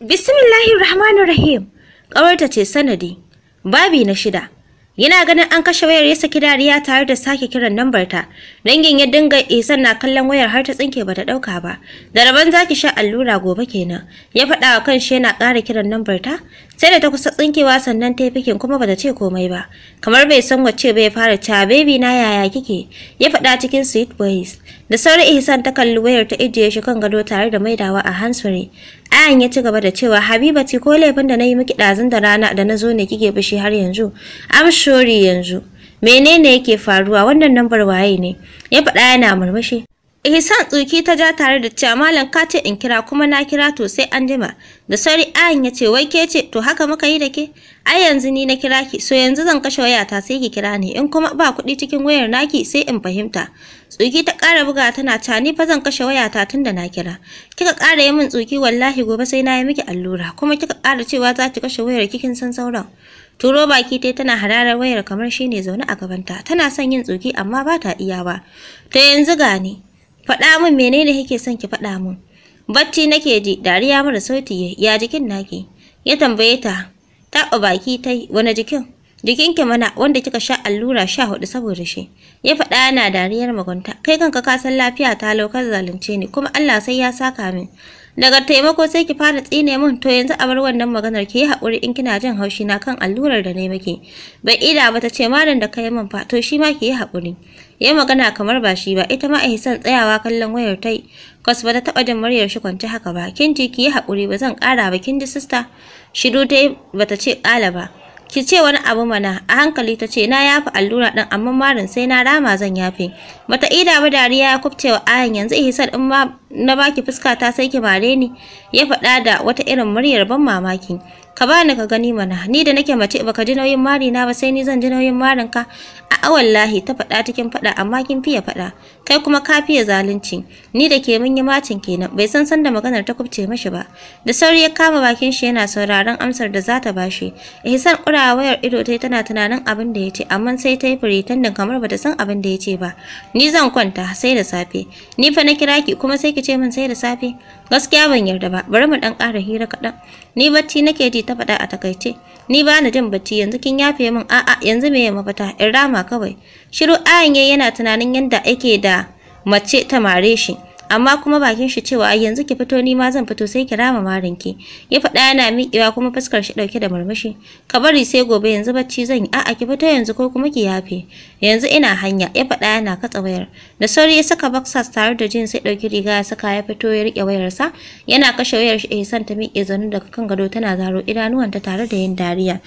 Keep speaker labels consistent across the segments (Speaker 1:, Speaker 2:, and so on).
Speaker 1: Bismillahir Rahmanir Rahim. Ƙawarta ce sanadi. Babi na shida. Yana ganin an kashe wayar ya saki dariya tare da sake kiran lambar ta. Dangin ya dinga isan na kallon wayar har ta tsinke bata dauka ba. Da raban zaki sha allura gobe kenan. Ya faɗawa wa kanshi yana ƙara kiran lambar ta sai da ta kusa tsinkewa sannan ta yi fikin kuma bata ce komai ba kamar bai san wacce bai fara cewa, baby na yaya kike ya faɗa cikin sweet voice da sauri ihsan ta kalli wayar ta ijiye shi kan gado tare da maidawa a hansure ayan ya ci gaba da cewa "Habiba habibati ko laifin da na yi miki ɗazun da rana da na zo ne kike fushi har yanzu am shori yanzu menene yake faruwa wannan lambar waye ne ya faɗa yana murmushi Ihsan tsuki ta ja tare da cewa malam ka ce in kira kuma na kira to sai an jima. Da sauri ayan ya ce wai ke ce to haka muka yi da ke? Ai yanzu ni na kira ki so yanzu zan kashe wayata sai ki kira ni in kuma ba kuɗi cikin wayar naki sai in fahimta. Tsuki ta ƙara buga tana ca ni fa zan kashe wayata tun da na kira. Kika ƙara yi min tsuki wallahi gobe sai na yi miki allura kuma kika ƙara cewa za ki kashe wayar kikin san sauran. Turo baki tai tana hararar wayar kamar shine zaune a gabanta tana son yin tsuki amma ba ta iya ba. To yanzu gani. Faɗa min menene kake son ki faɗa min? Bacci nake ji, dariya mara sauti ya jikin naki. Ya tambaye ta, taɓa baki ta wani jikin? Jikinki mana wanda kika sha allura sha hudu saboda shi. Ya faɗa yana dariyar magunta. Kai kanka ka san lafiya ta lokacin zalunce ni kuma Allah sai ya saka min. daga taimako sai ki fara tsine mun? to yanzu a bar wannan maganar ki yi haƙuri in kina jin haushi na kan allurar da nayi miki bai ida ba ta ce malam da kai min fa to shi ma ki yi haƙuri yayi magana kamar ba shi ba ita ma a hisan tsayawa kallon wayar tai kwas ba ta taɓa jin muryar shi kwance haka ba kin ji ki yi haƙuri ba zan ƙara ba kin ji sista shiru dai ta ce ƙala ba ki ce wani abu mana a hankali ta ce na yafi allura ɗin amma marin sai na rama zan yafe bata ida ba dariya ya wa ayan yanzu ihisan in ma na baki fuska ta sai ki bare ni ya faɗa da wata irin muryar ban mamaki ka bani ka gani mana ni da nake mace baka ji nauyin mari na ba sai ni zan ji nauyin marin ka a wallahi ta faɗa cikin faɗa amma kin fiye faɗa kai kuma ka fiye zalunci ni da ke mun yi macin kenan bai san san da maganar ta kubce mashi ba da sauri ya kama bakin shi yana sauraron amsar da za ta bashi ihsan kurawa wayar ido tai tana tunanin abin da yace amma sai ta yi pretending kamar bata san abin da yace ba ni zan kwanta sai da safe ni fa na kira ki kuma sai ki ce min sai da safe gaskiya ban yarda ba bari mu dan ƙara hira kaɗan ni bacci nake ji ta faɗa a takaice ni ba na jin bacci yanzu kin yafe min a'a yanzu me ya mafita in rama kawai shiru ayan yana tunanin yadda ake da mace ta mare shi amma kuma bakin shi cewa yanzu ki fito ni ma zan fito sai ki rama marin ki ya faɗa yana miƙewa kuma fuskar shi ɗauke da murmushi ka bari sai gobe yanzu bacci zan yi a'a ki fito yanzu ko kuma ki yafe yanzu ina hanya ya faɗa yana katsa wayar da sauri ya saka boxers tare da jin sai ɗauki riga ya saka ya fito ya riƙe wayarsa yana kashe wayar shi ihsan eh, ta miƙe zaune daga kan gado tana zaro idanuwanta tare da yin dariya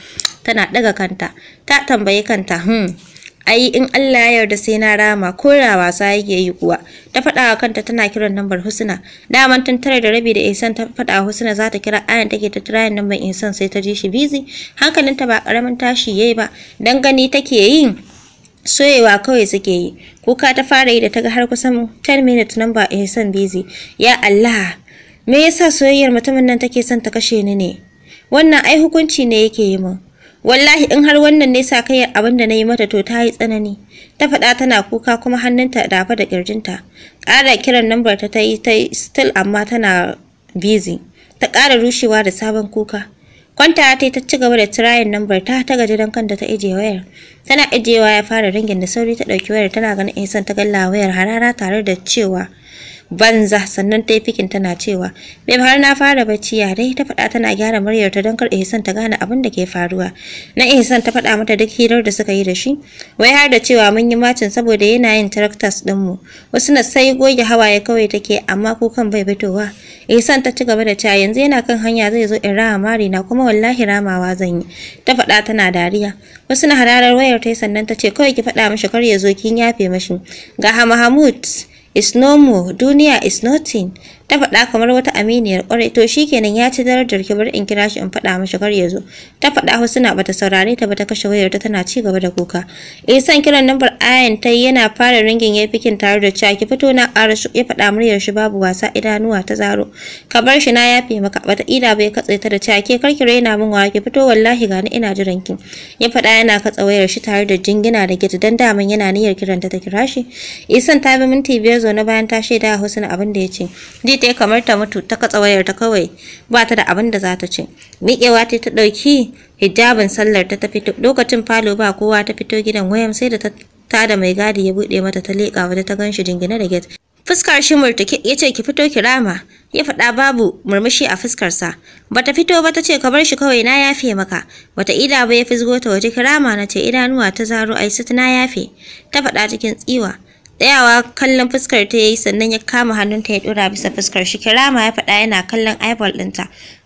Speaker 1: tana ɗaga kanta ta tambayi kanta hmm ai in Allah ya yarda sai na rama ko wasa yake yi kuwa ta faɗawa wa kanta tana kiran lambar Husna daman tun tare da rabi da Ihsan ta faɗawa wa Husna za ta kira ayan take ta tirayin lambar Ihsan sai ta ji shi busy hankalinta ba karamin tashi yayi ba dan gani take yin soyewa kawai suke yi kuka ta fara yi da taga har kusan 10 minutes number Ihsan busy ya Allah me yasa soyayyar mutumin nan take son ta kashe ni ne wannan ai hukunci ne yake yi min wallahi in har wannan ne sa kai abin da na yi mata to ta yi tsanani ta faɗa tana kuka kuma hannunta dafa da ƙirjinta ƙara kiran number ta ta yi ta still amma tana busy ta ƙara rushewa da sabon kuka kwanta ta ta ci gaba da tirayin lambar ta ta gaji don kanta ta ajiye wayar tana ajiyewa ya fara ringin da sauri ta ɗauki wayar tana ganin insan ta galla wayar harara tare da cewa banza sannan ta yi fikin tana cewa mai har na fara bacci ya dai ta faɗa tana gyara muryar ta don kar ihsan ta gane abin da ke faruwa na ihsan ta faɗa mata duk hirar da suka yi da shi wai har da cewa mun yi macin saboda yana yin tractors din mu wasu na sai goge hawaye kawai take amma kukan bai fitowa ihsan ta ci gaba da cewa yanzu yana kan hanya zai zo in rama mari na kuma wallahi ramawa zan yi ta faɗa tana dariya wasu na hararar wayar ta sannan ta ce kawai ki faɗa mishi kar ya zo kin yafe mashi ga Hamud is no more, dunya is nothing, ta faɗa kamar wata aminiyar ƙwarai to shikenan ya ci darajar ki bar in kira shi in faɗa mashi kar ya zo ta faɗa suna bata saurare ta ba ta kashe wayar ta tana ci gaba da kuka isan eh, kiran lambar ayan ta yana fara ringin ya fikin tare da cha ki fito na ƙara shi ya faɗa muryar shi babu wasa idanuwa ta zaro ka bar shi na yafe maka bata ida bai katse ta da cha ke kar ki raina min wa ki fito wallahi gani ina jiran ki ya faɗa yana katsa wayar shi tare da jingina da gidi dan daman yana niyyar kiranta ta kira shi isan eh, ta bi minti biyar na bayan ta shaida suna abin da ya ce ta yi kamar ta mutu ta katsa wayar kawai ba ta da abin da za ta ce miƙewa ta ta ɗauki hijabin sallar ta tafi lokacin falo ba kowa ta fito gidan wayan sai da ta tada mai gadi ya buɗe mata ta leƙa wata ta ganshi jingine da gate fuskar shi murta ya ce ki fito kirama ya faɗa babu murmushi a fuskarsa bata fito ba ta ce ka bar shi kawai na yafe maka bata ida ba ya fisgo ta waje kirama na ce idanuwa ta zaro ai sit na yafe ta faɗa cikin tsiwa tsayawa kallon fuskar ta yayi sannan ya kama hannunta ya dora bisa fuskar shi kirama ya faɗa yana kallon eyeball ɗinta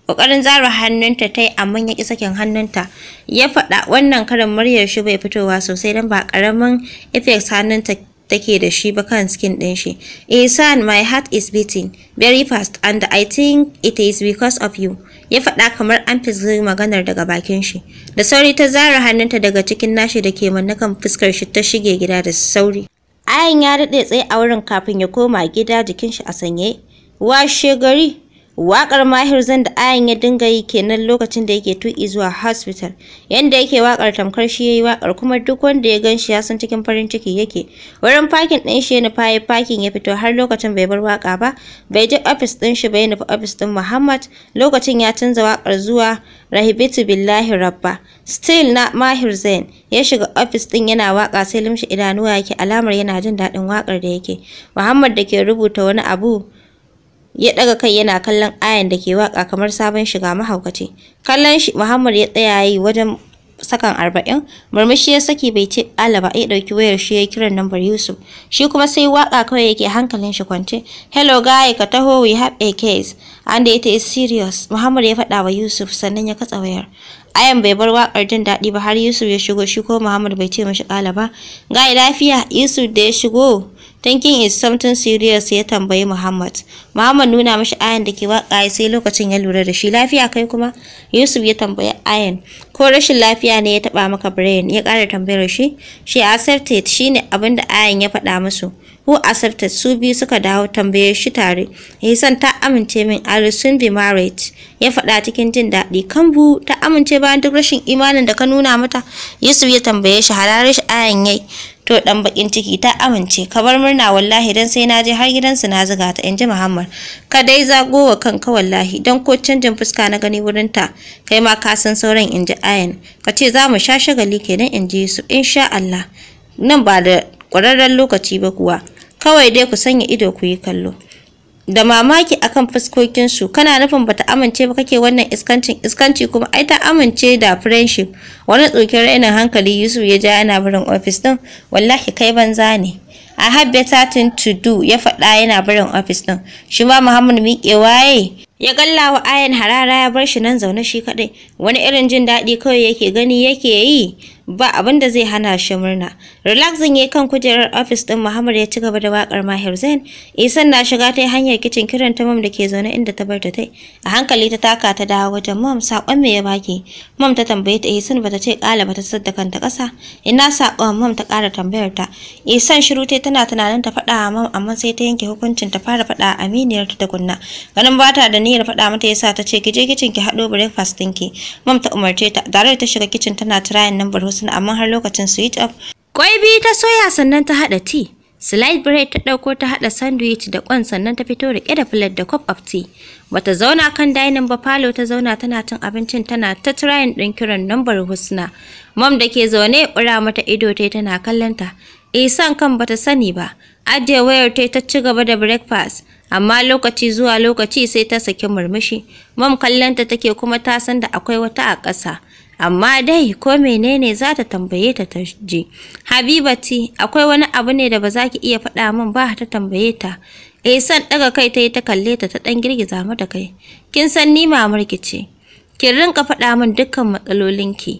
Speaker 1: kokarin zara hannunta ta yi amma ya ƙi sakin hannunta ya faɗa wannan karin muryar shi bai fitowa sosai don ba ƙaramin effects hannunta take da shi ba kan skin ɗin shi isan my heart is beating very fast and i think it is because of you ya faɗa kamar an fizi maganar daga bakin shi da sauri ta zara hannunta daga cikin nashi da ke mannakan fuskar shi ta shige gida da sauri Ayan ya daɗe tsaye a wurin kafin ya koma gida jikin shi a sanye. Washe gari Waƙar Mahir Zan da Ayan ya dinga yi kenan lokacin da yake tuƙi zuwa hospital. Yanda yake waƙar tamkar shi yayi waƙar kuma duk wanda ya gan shi ya san cikin farin ciki yake. Wurin parking ɗin shi ya nufa ya ya fito har lokacin bai bar waƙa ba. Bai je ofis ɗin shi ba ya nufi ofis ɗin Muhammad lokacin ya canza waƙar zuwa Rahibitu Billahi Rabba. Still na Mahir Zain ya shiga ofis ɗin yana waƙa sai limshi idanuwa yake alamar yana jin daɗin waƙar da yake. Muhammad da ke rubuta wani abu ya daga kai yana kallon ayan da ke waka kamar sabon shiga mahaukaci kallon shi muhammad ya tsaya yi wajen sakan arba'in murmushi ya saki bai ce A ya ɗauki wayar shi ya kiran nambar yusuf shi kuma sai waka kawai yake hankalin shi kwance hello guy ka taho we have a case and it is serious muhammad ya faɗa wa yusuf sannan ya katsa wayar ayan bai bar wakar jin daɗi ba har yusuf ya shigo shi ko muhammad bai ce mashi ƙala ba guy lafiya yusuf da ya shigo Thinking is something serious ya tambayi Muhammad. Muhammad nuna mashi ayan da ke waka sai lokacin ya lura da shi lafiya kai kuma Yusuf ya tambayi ayan ko rashin lafiya ne ya taba maka brain ya ƙara tambayar shi she accepted shine abin da ayan ya faɗa musu. Who accepted su biyu suka dawo tambayar shi tare. san ta amince min I soon be married. Ya faɗa cikin jin daɗi. Kambu ta amince bayan duk rashin imanin da ka nuna mata. Yusuf ya tambaye shi hararar shi ayan yayi. to dan bakin ciki ta amince ka bar murna wallahi dan sai na je har gidansu na zuga ta inji Muhammad ka dai zago zagowa kanka wallahi dan ko canjin fuska na gani wurin ta kai ma ka san sauran inji Ayan ka ce za mu sha shagali kenan inji su insha Allah nan ba da ƙwararren lokaci ba kuwa kawai dai ku sanya ido ku yi kallo da mamaki akan fuskokin su kana nufin bata amince ba kake wannan iskancin iskanci kuma ai ta amince da friendship wani tsokin rainin hankali Yusuf ya ja yana barin office din wallahi kai banza ne A have better thing to do ya faɗa yana barin office din shi ma Muhammad miƙe waye ya gallawa ayan harara ya bar shi nan zaune shi kaɗai wani irin jin daɗi kawai yake gani yake yi ba abin da zai hana shi murna relaxing yayi kan kujerar office din Muhammad ya ci gaba da wakar Mahir Zain Isan eh, na shiga ta hanyar kicin kiran ta mom da ke zaune inda ta bar ta tai a hankali ta taka ta dawo wajen Mam! sakon me ya baki Mam ta tambaye ta eh, Isan bata ce kala bata sadda kanta kasa ina sakon Mam ta kara tambayar ta Isan eh, shiru tai tana tunanin ta faɗa mam, amma sai ta yanke hukuncin ta fara faɗa aminiyar ta tukunna ganin bata da niyyar faɗa mata yasa ta ce ki je kicin ki haɗo breakfast ɗinki Mam ta umarce ta dare ta shiga kitchen tana trying number amma har lokacin yi tsaf. Kwai biyu ta soya sannan ta haɗa ti; Slide bread ta ɗauko ta haɗa sandwich da ƙwan sannan ta fito riƙe da flat da cup of tea. Bata zauna kan dining ba falo ta zauna tana cin abincin tana ta trying ɗin kiran lambar Husna. Mom da ke zaune ƙura mata ido ta tana kallon ta. E, san kan bata sani ba. Ajiye wayar tai ta ci gaba da breakfast. amma lokaci zuwa lokaci sai ta saki murmushi. Mom kallonta take kuma ta san da akwai wata a ƙasa. amma dai ko menene za ta tambaye ta ta je habibati akwai wani abu ne da ba za ki iya faɗa min ba ta tambaye ta san eh, ɗaga kai ta yi ta kalle ta ta ɗan girgiza mata kai kin san ni mamarki ce kin rinka faɗa min dukkan matsalolinki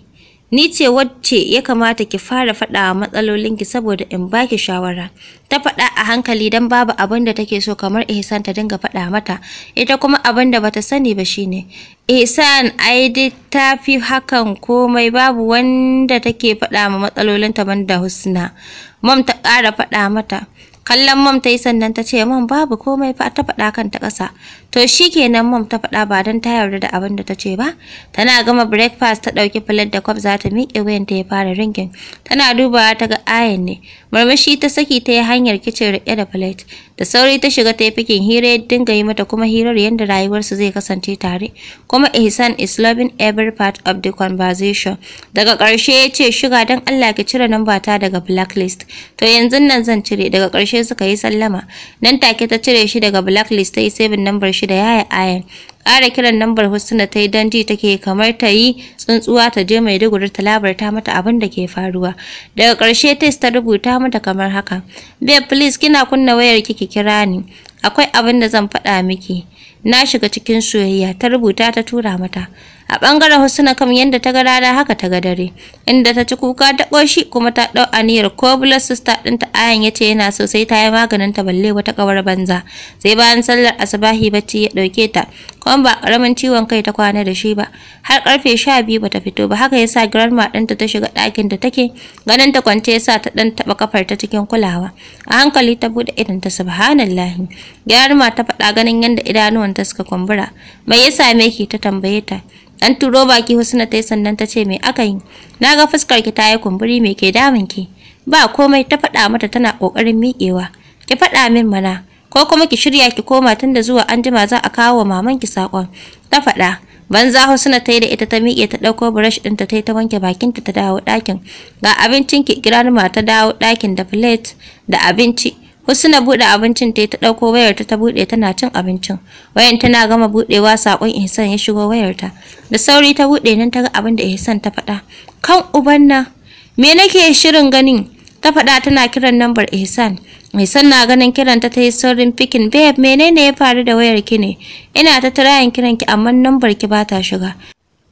Speaker 1: Ni ce wacce ya kamata ki fara faɗa wa matsalolinki saboda in baki shawara. Ta faɗa a hankali don babu abin da take so kamar Ihsan ta dinga faɗa mata, ita kuma abin da bata sani ba shine. Ihsan ai dai ta fi hakan komai babu wanda take faɗa ma matsalolinta banda Husna. Mom ta ƙara faɗa mata, Kallon mam ta yi sannan ta ce mam babu komai fa ta faɗa kanta ta ƙasa. To shikenan mam ta faɗa ba don ta yarda da abin da ta ce ba. Tana gama breakfast ta ɗauki plate da kwaf za ta miƙe wayan ta ya fara ringin. Tana dubawa ta ga ayan ne. marmashi ta saki ta yi hanyar kicin riƙe da plate. Da sauri ta shiga ta yi fikin hira ya dinga yi mata kuma hirar yadda rayuwarsu zai kasance tare. Kuma Ihsan is loving every part of the conversation. Daga ƙarshe ya ce shiga don Allah ki cire namba ta daga blacklist. To yanzu nan zan cire daga ƙarshe suka yi sallama. Nan take ta cire shi daga blacklist ta yi sabin nambar shi da yaya ayan. ƙara kiran lambar husna ta yi don ji take kamar ta yi tsuntsuwa ta je mai duguri ta labarta mata abin da ke faruwa daga ƙarshe tes ta rubuta mata kamar haka babe please kina kunna wayar kiki kira ni akwai abin da zan faɗa miki na shiga cikin soyayya ta rubuta ta tura mata a ɓangaren husna kam yadda ta ga rana haka ta ga dare inda ta ci kuka ta ƙoshi kuma ta ɗau aniyar ko blood sister ɗinta ayan ya ce yana so sai ta yi maganin ta balle wata ƙawar banza sai bayan sallar asubahi bacci ya ɗauke ta kuma ba karamin ciwon kai ta kwana da shi ba har karfe 12 bata fito ba haka yasa grandma ɗinta ta shiga ɗakin da take ganin ta kwance yasa ta dan taba kafar ta cikin kulawa a hankali ta bude idan ta subhanallahi grandma ta faɗa ganin yanda idanuwanta suka kumbura mai yasa me ki ta tambaye ta an turo baki Husna ta yi sannan ta ce me aka yi na ga fuskar ki ta yi kumburi me ke damun ki ba komai ta faɗa mata tana ƙoƙarin miƙewa ki faɗa min mana ko kuma ki shirya ki koma tunda zuwa anjima za a kawo mamanki sakon ta faɗa banza husna ta yi da ita ta miƙe ta ɗauko brush ɗin ta yi ta wanke bakinta ta dawo ɗakin ga abincin ki girarma ta dawo ɗakin da plate da abinci husna buɗe abincin ta yi ta ɗauko wayarta ta buɗe tana cin abincin wayan tana gama buɗewa saƙon ihsan ya shigo wayarta da sauri ta buɗe nan ta ga abin da ihsan ta faɗa kan uban na. me nake shirin ganin ta faɗa tana kiran lambar ihsan Nisan na ganin kiranta ta yi saurin fikin, babe menene ya faru da wayar ki ne? Ina ta kiran ki amma nambar ki ba ta shiga.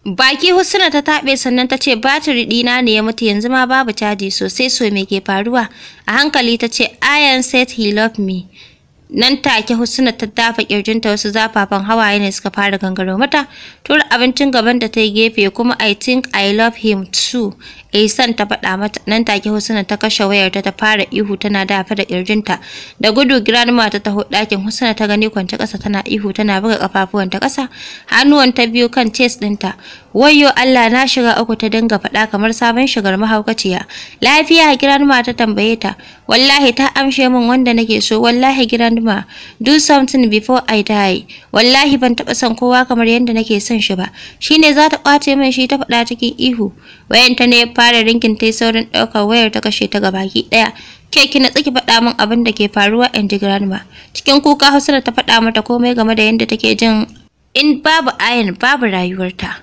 Speaker 1: Baki Husna ta taɓe sannan ta ce batiri ɗina ne ya mutu yanzu ma babu caji sosai so me ke faruwa? A hankali ta ce am said he love me. nan take Husna ta dafa kirjinta wasu zafafan hawaye ne suka fara gangaro mata tura abincin gaban da ta yi gefe kuma I think I love him too Ihsan ta faɗa mata nan take Husna ta kashe wayarta ta fara ihu tana dafa da kirjinta da gudu grandma ta taho ɗakin Husna ta gani kwance ƙasa tana ihu tana buga ta ƙasa hannuwan ta biyu kan chest ɗinta Wayyo Allah na shiga uku ta dinga faɗa kamar sabon shigar mahaukaciya. Lafiya Ma ta tambaye ta. Wallahi ta amshe min wanda nake so. Wallahi Ma, do something before I die. Wallahi ban taba son kowa kamar yadda nake son shi ba. Shine za ta kwace min shi ta faɗa cikin ihu. Wayanta ne ya fara rinkin tai saurin ɗaukar wayar ta kashe ta gabaki ɗaya. ke ki na tsaki faɗa min abin da ke faruwa in ji grandma cikin kuka hausa ta faɗa mata komai game da yadda take jin in babu ayin, babu rayuwarta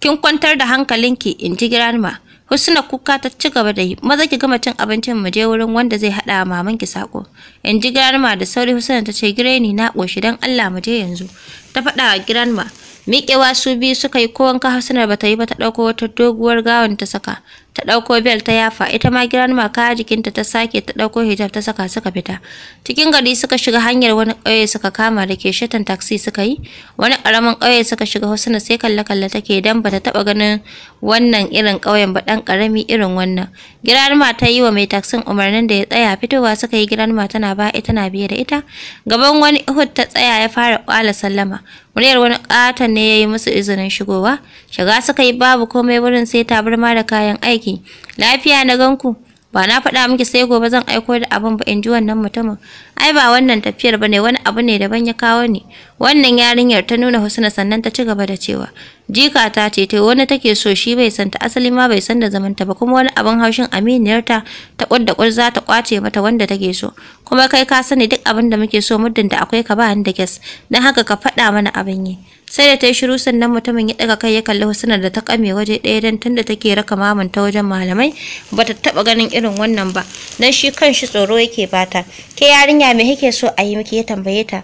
Speaker 1: Kin kwantar da hankalinki, in ji grandma. Husna kuka ta ci gaba da yi, maza ki gama cin abincin mu je wurin wanda zai haɗa maman ki sako. In ji grandma da sauri Husna ta ce gireni na ƙoshi dan Allah mu je yanzu. Ta faɗawa wa grandma, miƙewa su biyu suka yi ko wanka Husna ba ta yi ba ta ɗauko wata doguwar gawan ta saka. ta ɗauko bel ta yafa ita ma grandma kaya jikinta ta sake ta ɗauko hijab ta saka suka fita cikin gari suka shiga hanyar wani ƙauye suka kama da ke shatan taxi suka yi wani ƙaramin ƙauye suka shiga husna sai kalle kalla take dan bata taba ganin wannan irin ƙauyen ba dan ƙarami irin wannan grandma ta yi wa mai taksin umarnin da ya tsaya fitowa suka yi grandma tana ba ita na biye da ita gaban wani hut ta tsaya ya fara kwala sallama muryar wani ƙaton ne ya yi musu izinin shigowa shiga suka yi babu komai wurin sai tabarma da kayan aiki lafiya na ganku ba na faɗa miki sai gobe zan aiko da abin ba in ji wannan mutumin ai ba wannan tafiyar ba ne wani abu ne daban ya kawo ni wannan yarinyar ta nuna husna sannan ta ci gaba da cewa jika ta ce ta wani take so shi bai san ta asali ma bai san da zamanta ba kuma wani abin haushin aminiyar ta ta kudda kur za ta kwace mata wanda take so kuma kai ka sani duk abin da muke so muddin da akwai ka ba ni da gas. dan haka ka faɗa mana abin yi sai da ta yi shiru sannan mutumin ya daga kai ya kalli husnar da ta kame waje ɗaya don tunda take raka mamanta wajen malamai ba ta taɓa ganin irin wannan ba Don shi kan shi tsoro yake bata ke yarinya me kike so a yi miki ya tambaye ta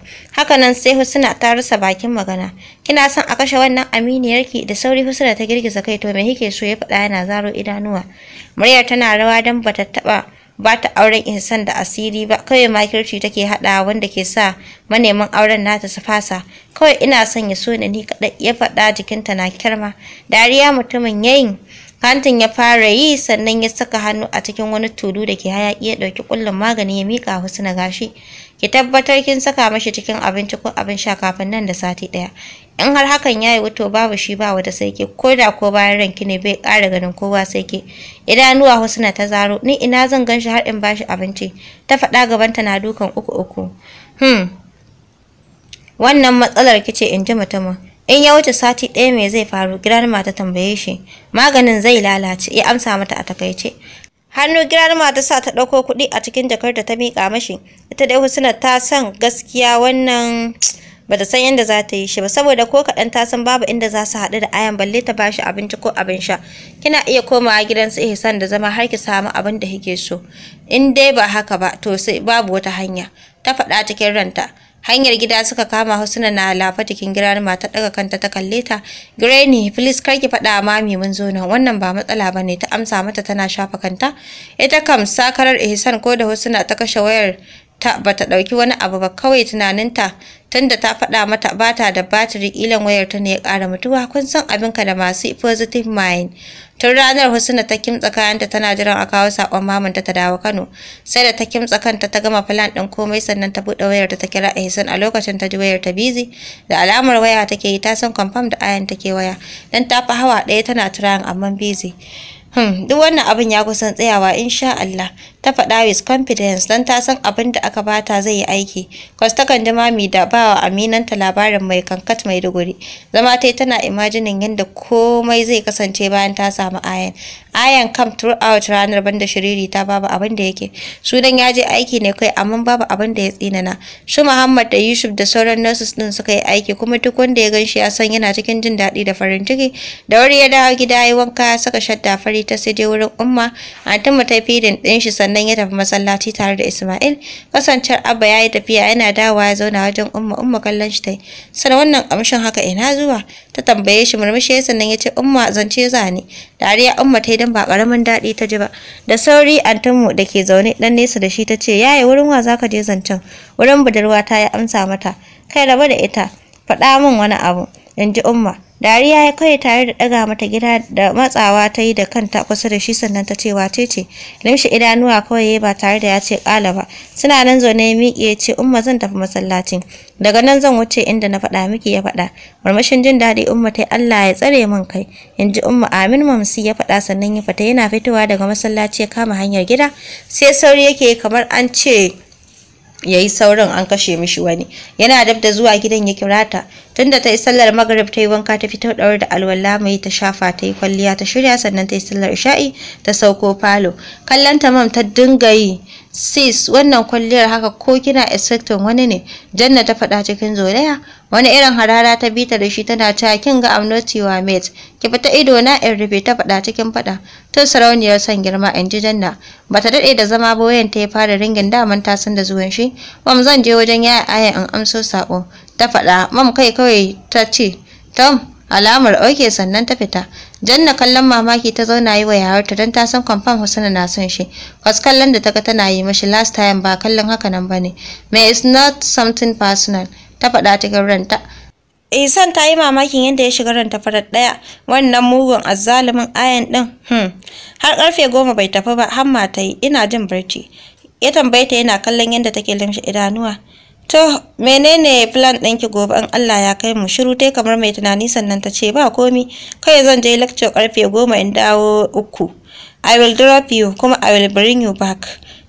Speaker 1: nan sai husna ta rasa bakin magana kina son a kashe wannan aminiyarki da sauri husna ta girgiza kai to me kike so ya faɗa yana zaro idanuwa muryar tana rawa don ba ta taɓa. ba ta auren ihsan da asiri ba kawai makirci take haɗa wanda ke sa maneman auren nata su fasa kawai ina son ya so ni ni kaɗai ya faɗa jikinta na kirma dariya mutumin yayin Kantin ya fara yi sannan ya saka hannu a cikin wani tudu da ke hayaƙi ya ɗauki kullun magani ya mika wasu na gashi. Ki tabbatar kin saka mashi cikin abinci ko abin sha kafin nan da sati ɗaya. in har hakan ya yi wuto, babu shi ba wata sarki ko da ko bayan ranki ne bai ƙara ganin kowa sai idanuwa husna ta zaro ni ina zan ganshi har in bashi abinci ta faɗa gabanta na dukan uku uku hmm wannan matsalar kice in ji mutumin in ya wuce sati ɗaya mai zai faru girarma ta tambaye shi maganin zai lalace ya amsa mata a takaice hannu girarma ta sa ta ɗauko kuɗi a cikin jakar da ta miƙa mashi ita dai husna ta san gaskiya wannan ba ta san yadda za ta yi shi ba saboda ko kaɗan ta san babu inda za su haɗu da ayan balle ta ba shi abinci ko abin sha kina iya komawa gidan su ihsan da zama har ki samu abin da kike so in dai ba haka ba to sai babu wata hanya ta faɗa cikin ranta hanyar gida suka kama husna na lafa cikin girar mata daga kanta ta kalle ta granny please kar ki faɗa mami mun zo nan wannan ba matsala bane ta amsa mata tana shafa kanta ita kam sakarar ihsan ko da husna ta kashe wayar ta bata dauki wani abu ba kawai tunaninta tunda ta faɗa mata ba ta da batiri ilan wayarta ne ya ƙara mutuwa kun san abinka da masu positive mind tun ranar husna ta kimtsa kayanta tana jiran a kawo sakon mamanta ta dawo kano sai da ta kimtsa kanta ta gama plan ɗin komai sannan ta buɗe wayar ta kira ihsan a lokacin ta ji wayar ta busy da alamar waya take yi ta san confirm da ayan take waya dan ta fi hawa ɗaya tana trying amma Bizi. Hmm, duk wannan abin ya kusan tsayawa insha Allah. ta faɗa with confidence don ta san abin da aka bata zai yi aiki kwastakan mami da ba bawa aminanta labarin mai kankat mai duguri zama ta tana imajinin yadda komai zai kasance bayan ta samu ayan ayan kam throughout ranar banda shiriri ta babu abin da yake sudan ya je aiki ne kai amma babu abin da ya tsinana su muhammad da yusuf da sauran nurses din suka yi aiki kuma duk wanda ya gan shi ya san yana cikin jin daɗi da farin ciki da wuri ya dawo gida ya wanka ya saka shadda fari ta sai je wurin umma antinmu ta feeding ɗin shi sannan sannan ya tafi masallaci tare da Ismail kasancewar Abba ya yi tafiya yana dawowa ya zauna wajen Umma Umma kallon shi tai sannan wannan kamshin haka ina zuwa ta tambaye shi murmushi sannan ya ce Umma zance zane dariya Umma ta yi dan ba karamin daɗi ta ji ba da sauri antinmu da ke zaune dan nesa da shi ta ce yaya wurin wa zaka je zancen wurin budurwa ta ya amsa mata kai raba da ita faɗa min wani abu in ji Umma Dariya ya kai tare da daga mata gida da matsawa ta yi da kanta kusa da shi sannan ta ce wace ce. Limshi idanuwa kawai ya ba tare da ya ce kala ba. Suna nan zaune ya miƙe ya ce umma zan tafi masallacin. Daga nan zan wuce inda na faɗa miki ya faɗa. Murmushin jin daɗi umma ta Allah ya tsare min kai. In ji umma amin mamsi ya faɗa sannan ya fita yana fitowa daga masallaci ya kama hanyar gida. Sai sauri yake kamar an ce ya yi saurin an kashe mishi wani yana dab da zuwa gidan ya kira ta tunda ta yi sallar magrib ta yi wanka ta fito ɗaure da alwala mai ta shafa ta yi kwalliya ta shirya sannan ta yi sallar isha'i ta sauko falo kallon tamam ta dinga yi sis wannan kwalliyar haka ko kina expecting wani ne janna ta faɗa cikin zolaya wani irin harara ta bi ta da shi tana ta kin ga I'm not mate ki fita ido na in rufe ta faɗa cikin faɗa Ta sarauniyar son girma in ji janna Ba ta daɗe da zama ba ta ya fara ringin daman ta san da zuwan shi wam zan je wajen yaya aya in amso sako ta faɗa mam kai kawai ta ce tom alamar oke sannan ta fita janna kallon mamaki ta zauna yi wa yawarta don ta san kwamfan husna na son shi kwas kallon da ta ga tana yi mashi last time ba kallon haka nan ba ne Me is not something personal ta faɗa cikin ranta Isan eh, ta yi mamakin yadda ya shiga ranta farar ɗaya wannan mugun azzalumin ayan ɗin hmm. har ƙarfe goma bai tafi ba hamma ta yi ina jin barci ya tambaye ta yana kallon yadda take limshe idanuwa To, menene plan ɗinki gobe in Allah ya kai mu shiru tai kamar mai tunani sannan ta ce ba komi, kai zan je lecture karfe goma in dawo uku. I will drop you kuma I will bring you back.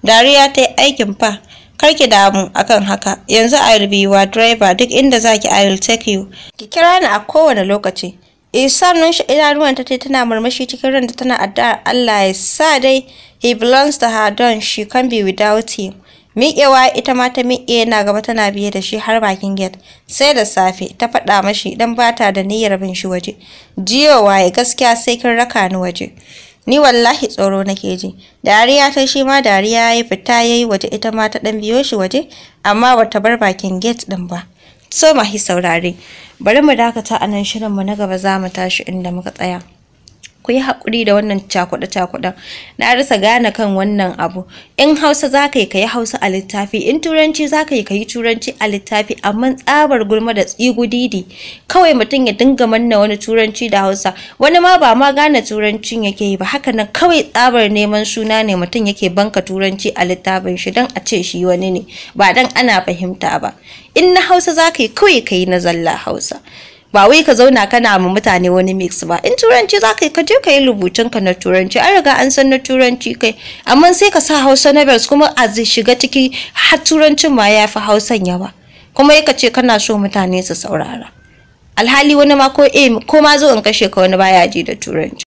Speaker 1: Dariya ta yi aikin fa, karki damu akan haka, yanzu I will be your driver duk inda zaki I will take you. Ki kira ni a kowane lokaci. Isam eh, nun idanuwan ta tai tana murmushi cikin ranta tana addu'ar Allah ya sa dai he belongs to her don she can be without him. miƙewa ita ma ta miƙe yana gaba tana biye da shi har bakin gate sai da safe ta faɗa mashi dan ba ta da niyyar bin shi waje jiyowa ya gaskiya sai kin raka ni waje ni wallahi tsoro nake ji dariya ta shi ma dariya ya fita yayi waje ita ma ta dan biyo shi waje amma ba ta bar bakin gate ɗin ba so mahi saurare bari mu dakata a nan mu na gaba za mu tashi inda muka tsaya ku yi haƙuri da wannan cakuɗe-cakuɗen na rasa gane kan wannan abu in hausa za ka yi ka yi hausa a littafi in turanci za ka yi ka yi turanci a littafi amma tsabar gulma da tsigudidi kawai mutum ya dinga manna wani turanci da hausa wani ma ba ma gane turancin yake yi ba haka nan kawai tsabar neman suna ne mutum yake banka turanci a littafin shi don a ce shi wani ne ba don ana fahimta ba in na hausa za ka yi kawai ka yi na zalla hausa ba wai ka zauna kana ma mutane wani mix ba in turanci za ka yi ka je ka yi rubutun ka na turanci an riga an san na turanci kai amma sai ka sa hausa na bels kuma a shiga ciki har turancin ma ya fi hausan yawa kuma ya ce kana so mutane su saurara alhali wani ma ko ma zo in kashe ka wani baya ji da turanci